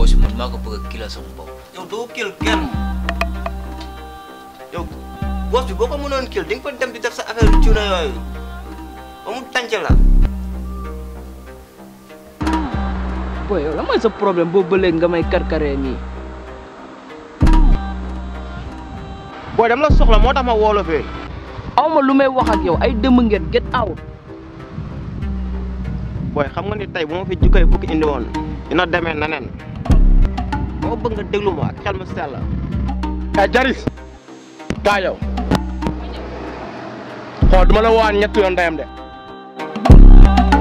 bosi mun ma ko bëgg kila sama bopp yow doo kil kenn yow bos bi boo ko mënoon kil di nga fa dem di def sa affaire cuuna yooyu ba mu tànc boy yow la mooy sa problème boobu ba léegi nga may karkaree nii boy dama la soxla moo tax ma woolo fee eh? awma lu may wax ak yow ay dëmm ngeen get out boy xam nga ni tey bu ma fi jukkee fukki indi woon dina demee neneen bëgg nga déglu ma ak xel mu sell la eh, jaris kaa yow xool duma la waan ñett yoon ndeyam de